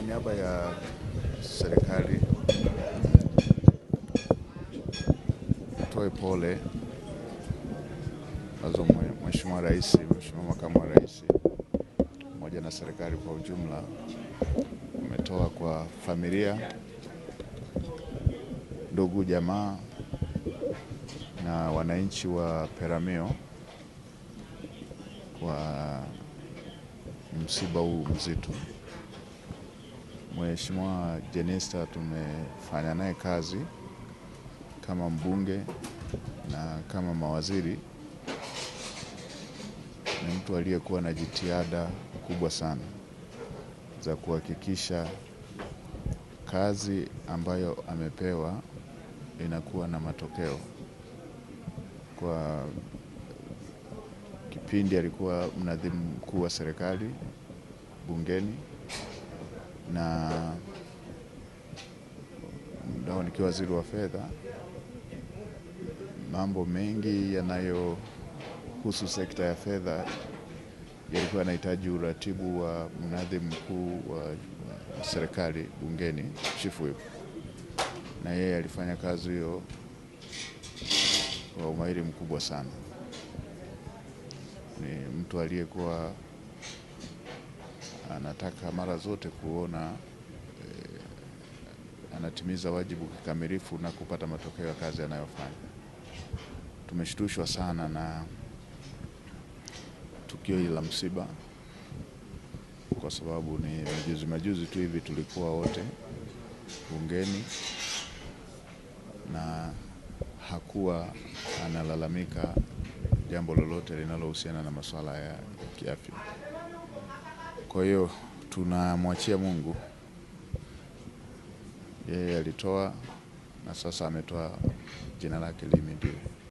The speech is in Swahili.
Kwa niaba ya serikali toe pole nazo Mheshimiwa Rais, Mheshimiwa Makamu wa Rais pamoja na serikali kwa ujumla umetoa kwa familia, ndugu, jamaa na wananchi wa Peramiho kwa msiba huu mzito. Mheshimiwa Jenista tumefanya naye kazi kama mbunge na kama mawaziri. Ni mtu aliyekuwa na jitihada kubwa sana za kuhakikisha kazi ambayo amepewa inakuwa na matokeo. Kwa kipindi alikuwa mnadhimu mkuu wa serikali bungeni na ndao nikiwa waziri wa fedha, mambo mengi yanayohusu sekta ya fedha yalikuwa yanahitaji uratibu wa mnadhimu mkuu wa, serikali bungeni, chifu Whip, na yeye alifanya kazi hiyo kwa umahiri mkubwa sana. Ni mtu aliyekuwa anataka mara zote kuona eh, anatimiza wajibu kikamilifu na kupata matokeo ya kazi anayofanya. Tumeshtushwa sana na tukio hili la msiba, kwa sababu ni majuzi majuzi tu hivi tulikuwa wote bungeni na hakuwa analalamika jambo lolote linalohusiana na masuala ya kiafya. Kwa hiyo tunamwachia Mungu, yeye alitoa na sasa ametoa, jina lake limidi